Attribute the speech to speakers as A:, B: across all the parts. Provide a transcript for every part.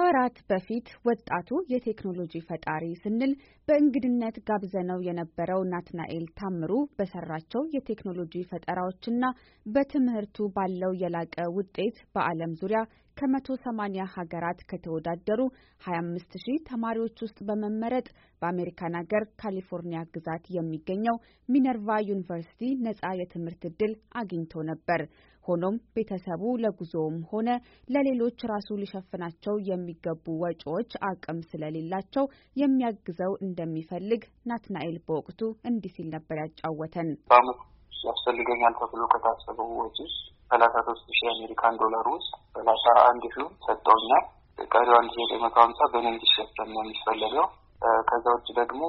A: ከወራት በፊት ወጣቱ የቴክኖሎጂ ፈጣሪ ስንል በእንግድነት ጋብዘነው የነበረው ናትናኤል ታምሩ በሰራቸው የቴክኖሎጂ ፈጠራዎችና በትምህርቱ ባለው የላቀ ውጤት በዓለም ዙሪያ ከ ሰማኒያ ሀገራት ከተወዳደሩ ሺህ ተማሪዎች ውስጥ በመመረጥ በአሜሪካን ሀገር ካሊፎርኒያ ግዛት የሚገኘው ሚነርቫ ዩኒቨርሲቲ ነጻ የትምህርት ዕድል አግኝቶ ነበር። ሆኖም ቤተሰቡ ለጉዞውም ሆነ ለሌሎች ራሱ ሊሸፍናቸው የሚገቡ ወጪዎች አቅም ስለሌላቸው የሚያግዘው እንደሚፈልግ ናትናኤል በወቅቱ እንዲህ ሲል ነበር ያጫወተን።
B: በአመት ያስፈልገኛል ተብሎ ከታሰበው ወጪ ሰላሳ ሶስት ሺ አሜሪካን ዶላር ውስጥ ሰላሳ አንድ ሺህ ሰጠውኛል። ቀሪው አንድ ሺ ዘጠኝ መቶ ሀምሳ በእኔ እንዲሸፈን ነው የሚፈለገው። ከዛ ውጭ ደግሞ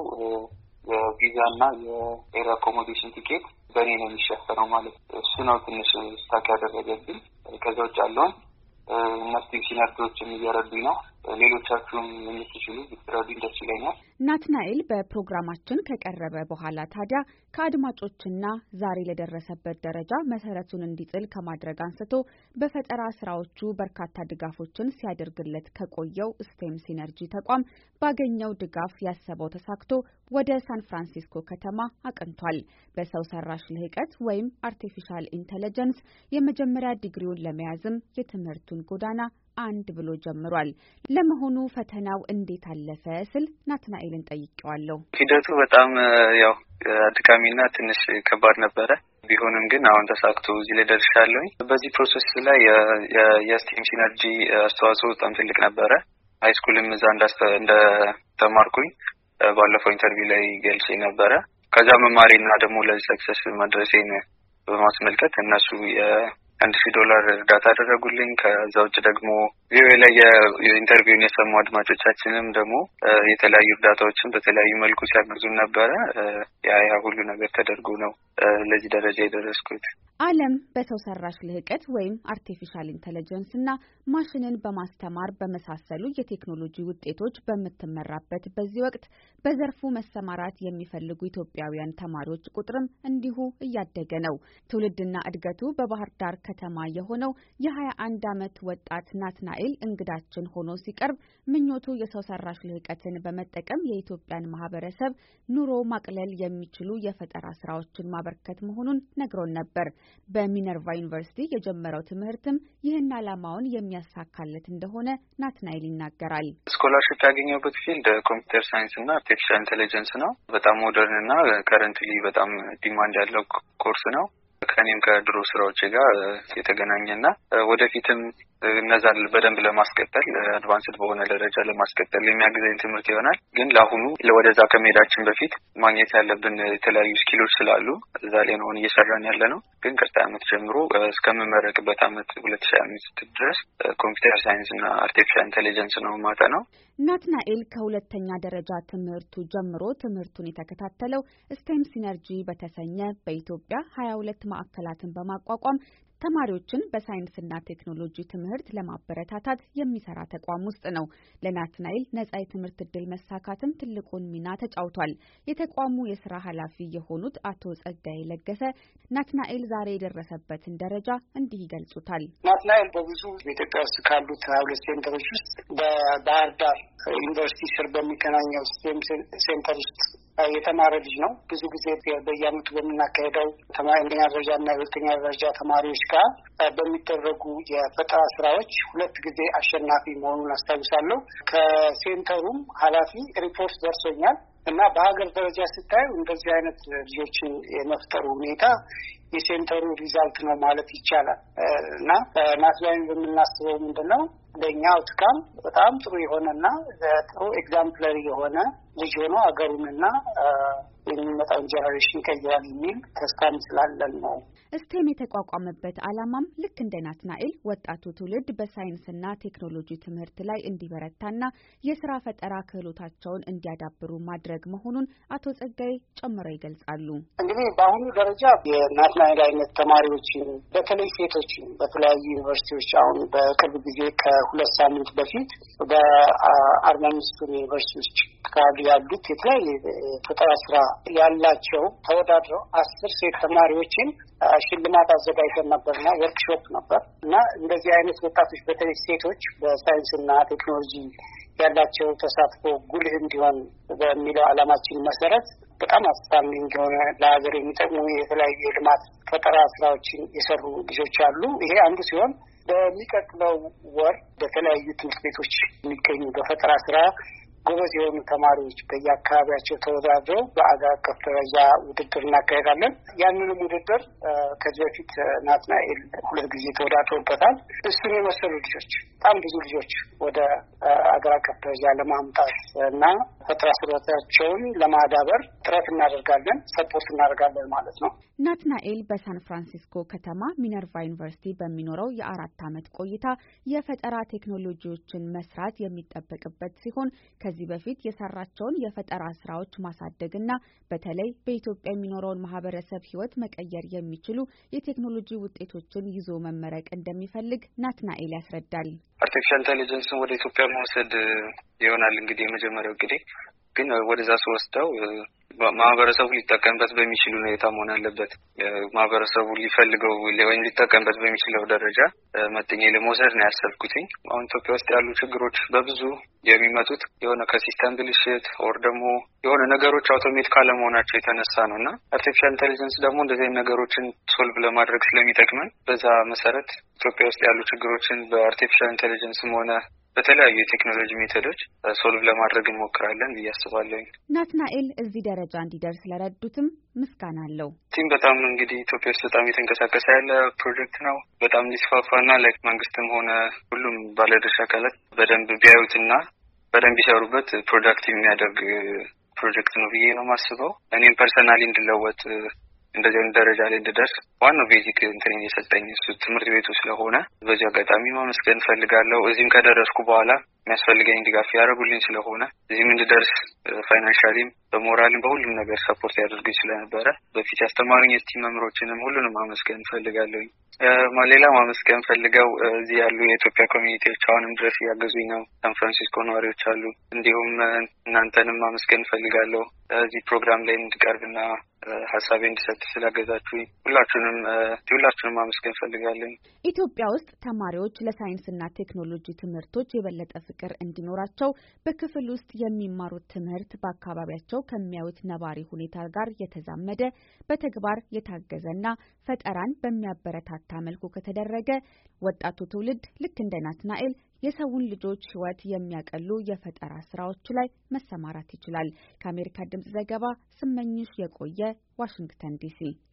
B: የቪዛና የኤር አኮሞዴሽን ቲኬት በእኔ ነው የሚሸፈነው ማለት እሱ ነው ትንሽ ስታክ ያደረገብኝ። ከዛ ውጭ ያለውን እነስቲንግ ሲነርቶችም እየረዱኝ ነው። ሌሎቻችሁም የምትችሉ ብትረዱኝ ደስ ይለኛል።
A: ናትናኤል በፕሮግራማችን ከቀረበ በኋላ ታዲያ ከአድማጮችና ዛሬ ለደረሰበት ደረጃ መሰረቱን እንዲጥል ከማድረግ አንስቶ በፈጠራ ስራዎቹ በርካታ ድጋፎችን ሲያደርግለት ከቆየው ስቴም ሲነርጂ ተቋም ባገኘው ድጋፍ ያሰበው ተሳክቶ ወደ ሳን ፍራንሲስኮ ከተማ አቅንቷል። በሰው ሰራሽ ልህቀት ወይም አርቲፊሻል ኢንተለጀንስ የመጀመሪያ ዲግሪውን ለመያዝም የትምህርቱን ጎዳና አንድ ብሎ ጀምሯል። ለመሆኑ ፈተናው እንዴት አለፈ ስል ናትናኤል ኃይልን ጠይቄዋለሁ። ሂደቱ
B: በጣም ያው አድካሚና ትንሽ ከባድ ነበረ። ቢሆንም ግን አሁን ተሳክቶ እዚህ ላይ ደርሻለሁ። በዚህ ፕሮሰስ ላይ የስቲም ሲነርጂ አስተዋጽኦ በጣም ትልቅ ነበረ። ስኩልም እዛ እንደተማርኩኝ ባለፈው ኢንተርቪው ላይ ገልጽ ነበረ። ከዛ መማሬና ደግሞ ለዚህ ሰክሰስ መድረሴን በማስመልከት እነሱ አንድ ሺህ ዶላር እርዳታ አደረጉልኝ። ከዛ ውጭ ደግሞ ቪኦኤ ላይ የኢንተርቪውን የሰሙ አድማጮቻችንም ደግሞ የተለያዩ እርዳታዎችን በተለያዩ መልኩ ሲያግዙን ነበረ። ያ ያ ሁሉ ነገር ተደርጎ ነው ለዚህ ደረጃ የደረስኩት።
A: ዓለም በሰው ሰራሽ ልህቀት ወይም አርቲፊሻል ኢንተለጀንስ እና ማሽንን በማስተማር በመሳሰሉ የቴክኖሎጂ ውጤቶች በምትመራበት በዚህ ወቅት በዘርፉ መሰማራት የሚፈልጉ ኢትዮጵያውያን ተማሪዎች ቁጥርም እንዲሁ እያደገ ነው። ትውልድና እድገቱ በባህር ዳር ከተማ የሆነው የ21 ዓመት ወጣት ናትናኤል እንግዳችን ሆኖ ሲቀርብ ምኞቱ የሰው ሰራሽ ልህቀትን በመጠቀም የኢትዮጵያን ማህበረሰብ ኑሮ ማቅለል የሚችሉ የፈጠራ ስራዎችን ማበርከት መሆኑን ነግሮን ነበር። በሚነርቫ ዩኒቨርሲቲ የጀመረው ትምህርትም ይህን ዓላማውን የሚያሳካለት እንደሆነ ናትናይል ይናገራል።
B: ስኮላርሽፕ ያገኘበት ፊልድ ኮምፒውተር ሳይንስ እና አርቲፊሻል ኢንቴሊጀንስ ነው። በጣም ሞደርን እና ከረንትሊ በጣም ዲማንድ ያለው ኮርስ ነው። ከኔም ከድሮ ስራዎቼ ጋር የተገናኘና ወደፊትም እነዛን በደንብ ለማስቀጠል አድቫንስድ በሆነ ደረጃ ለማስቀጠል የሚያግዘኝ ትምህርት ይሆናል። ግን ለአሁኑ ወደዛ ከመሄዳችን በፊት ማግኘት ያለብን የተለያዩ ስኪሎች ስላሉ እዛ ላይ ነሆን እየሰራን ያለ ነው። ግን ቀጣይ አመት ጀምሮ እስከምመረቅበት ዓመት ሁለት ሺ አምስት ድረስ ኮምፒውተር ሳይንስ እና አርቲፊሻል ኢንቴሊጀንስ ነው ማጠ ነው።
A: ናትናኤል ከሁለተኛ ደረጃ ትምህርቱ ጀምሮ ትምህርቱን የተከታተለው ስቴም ሲነርጂ በተሰኘ በኢትዮጵያ ሀያ ሁለት ማዕከላትን በማቋቋም ተማሪዎችን በሳይንስና ቴክኖሎጂ ትምህርት ለማበረታታት የሚሰራ ተቋም ውስጥ ነው። ለናትናኤል ነጻ የትምህርት እድል መሳካትም ትልቁን ሚና ተጫውቷል። የተቋሙ የስራ ኃላፊ የሆኑት አቶ ጸጋዬ ለገሰ ናትናኤል ዛሬ የደረሰበትን ደረጃ እንዲህ ይገልጹታል።
C: ናትናኤል በብዙ በኢትዮጵያ ውስጥ ካሉት ሁለት ሴንተሮች ውስጥ በባህር ዳር ዩኒቨርሲቲ ስር በሚገናኘው ስቴም ሴንተር ውስጥ የተማረ ልጅ ነው። ብዙ ጊዜ በየአመቱ በምናካሄደው አንደኛ ደረጃ እና የሁለተኛ ደረጃ ተማሪዎች ጋር በሚደረጉ የፈጠራ ስራዎች ሁለት ጊዜ አሸናፊ መሆኑን አስታውሳለሁ። ከሴንተሩም ኃላፊ ሪፖርት ደርሶኛል እና በሀገር ደረጃ ስታዩ እንደዚህ አይነት ልጆችን የመፍጠሩ ሁኔታ የሴንተሩ ሪዛልት ነው ማለት ይቻላል እና ናትላዊ የምናስበው ምንድን ነው ለእኛ አውትካም በጣም ጥሩ የሆነና ጥሩ ኤግዛምፕለሪ የሆነ ልጅ ሆኖ አገሩንና የሚመጣው ጀነሬሽን ይቀይራል የሚል ተስፋ ስላለን ነው።
A: እስቴም የተቋቋመበት ዓላማም ልክ እንደ ናትናኤል ወጣቱ ትውልድ በሳይንስና ቴክኖሎጂ ትምህርት ላይ እንዲበረታና የስራ ፈጠራ ክህሎታቸውን እንዲያዳብሩ ማድረግ መሆኑን አቶ ጸጋይ ጨምረው ይገልጻሉ።
C: እንግዲህ በአሁኑ ደረጃ የናትናኤል አይነት ተማሪዎችን በተለይ ሴቶችን በተለያዩ ዩኒቨርሲቲዎች አሁን በቅርብ ጊዜ ከሁለት ሳምንት በፊት በአርባ አምስቱን ዩኒቨርሲቲዎች አካባቢ ያሉት የተለያየ ፈጠራ ስራ ያላቸው ተወዳድረው አስር ሴት ተማሪዎችን ሽልማት አዘጋጅተን ነበር እና ወርክሾፕ ነበር እና እንደዚህ አይነት ወጣቶች በተለይ ሴቶች በሳይንስና ቴክኖሎጂ ያላቸው ተሳትፎ ጉልህ እንዲሆን በሚለው ዓላማችን መሰረት በጣም አስታሚ እንዲሆነ ለሀገር የሚጠቅሙ የተለያዩ የልማት ፈጠራ ስራዎችን የሰሩ ልጆች አሉ። ይሄ አንዱ ሲሆን በሚቀጥለው ወር በተለያዩ ትምህርት ቤቶች የሚገኙ በፈጠራ ስራ ጎበዝ የሆኑ ተማሪዎች በየአካባቢያቸው ተወዳድረው በአገር አቀፍ ደረጃ ውድድር እናካሄዳለን። ያንንም ውድድር ከዚህ በፊት ናትናኤል ሁለት ጊዜ ተወዳድሮበታል። እሱን የመሰሉ ልጆች በጣም ብዙ ልጆች ወደ አገር አቀፍ ደረጃ ለማምጣት እና ፈጠራ ስሎታቸውን ለማዳበር ጥረት እናደርጋለን፣ ሰፖርት እናደርጋለን ማለት ነው።
A: ናትናኤል በሳን ፍራንሲስኮ ከተማ ሚነርቫ ዩኒቨርሲቲ በሚኖረው የአራት ዓመት ቆይታ የፈጠራ ቴክኖሎጂዎችን መስራት የሚጠበቅበት ሲሆን ከዚህ በፊት የሰራቸውን የፈጠራ ስራዎች ማሳደግና በተለይ በኢትዮጵያ የሚኖረውን ማህበረሰብ ሕይወት መቀየር የሚችሉ የቴክኖሎጂ ውጤቶችን ይዞ መመረቅ እንደሚፈልግ ናትናኤል ያስረዳል።
C: አርቲፊሻል ኢንቴሊጀንስን ወደ ኢትዮጵያ
B: መውሰድ ይሆናል እንግዲህ የመጀመሪያው። እንግዲህ ግን ወደዛ ስወስደው ማህበረሰቡ ሊጠቀምበት በሚችል ሁኔታ መሆን አለበት። ማህበረሰቡ ሊፈልገው ወይም ሊጠቀምበት በሚችለው ደረጃ መጥኜ ለመውሰድ ነው ያሰብኩትኝ። አሁን ኢትዮጵያ ውስጥ ያሉ ችግሮች በብዙ የሚመጡት የሆነ ከሲስተም ብልሽት ኦር ደግሞ የሆነ ነገሮች አውቶሜት ካለመሆናቸው የተነሳ ነው እና አርቲፊሻል ኢንቴሊጀንስ ደግሞ እንደዚህ ነገሮችን ሶልቭ ለማድረግ ስለሚጠቅመን በዛ መሰረት ኢትዮጵያ ውስጥ ያሉ ችግሮችን በአርቲፊሻል ኢንቴሊጀንስም ሆነ በተለያዩ የቴክኖሎጂ ሜቶዶች ሶልቭ ለማድረግ እንሞክራለን ብዬ አስባለሁ።
A: ናትናኤል እዚህ ደረጃ እንዲደርስ ለረዱትም ምስጋና አለው።
B: ቲም በጣም እንግዲህ ኢትዮጵያ ውስጥ በጣም እየተንቀሳቀሰ ያለ ፕሮጀክት ነው። በጣም ሊስፋፋና ላይክ መንግስትም ሆነ ሁሉም ባለድርሻ አካላት በደንብ ቢያዩትና በደንብ ቢሰሩበት ፕሮዳክቲቭ የሚያደርግ ፕሮጀክት ነው ብዬ ነው የማስበው። እኔም ፐርሰናሊ እንድለወጥ እንደዚህ አይነት ደረጃ ላይ እንድደርስ ዋናው ቤዚክ እንትን የሰጠኝ እሱ ትምህርት ቤቱ ስለሆነ በዚህ አጋጣሚ ማመስገን እፈልጋለሁ። እዚህም ከደረስኩ በኋላ የሚያስፈልገኝ ድጋፍ ያደረጉልኝ ስለሆነ እዚህም እንድደርስ ፋይናንሻሊም በሞራልም በሁሉም ነገር ሰፖርት ያደርጉኝ ስለነበረ በፊት ያስተማሩኝ የቲም መምሮችንም ሁሉንም ማመስገን ፈልጋለሁኝ። ሌላ ማመስገን ፈልገው እዚህ ያሉ የኢትዮጵያ ኮሚኒቲዎች አሁንም ድረስ እያገዙኝ ነው። ሳን ፍራንሲስኮ ነዋሪዎች አሉ። እንዲሁም እናንተንም ማመስገን ፈልጋለሁ እዚህ ፕሮግራም ላይ እንድቀርብና ሀሳቤ እንድሰጥ ስላገዛችሁኝ ሁላችሁንም ሁላችሁንም ማመስገን
C: ፈልጋለኝ።
A: ኢትዮጵያ ውስጥ ተማሪዎች ለሳይንስና ቴክኖሎጂ ትምህርቶች የበለጠ ፍቅር እንዲኖራቸው በክፍል ውስጥ የሚማሩት ትምህርት በአካባቢያቸው ከሚያዩት ነባሪ ሁኔታ ጋር የተዛመደ በተግባር የታገዘና ፈጠራን በሚያበረታታ መልኩ ከተደረገ ወጣቱ ትውልድ ልክ እንደ ናትናኤል የሰውን ልጆች ሕይወት የሚያቀሉ የፈጠራ ስራዎች ላይ መሰማራት ይችላል። ከአሜሪካ ድምጽ ዘገባ ስመኝሽ የቆየ ዋሽንግተን ዲሲ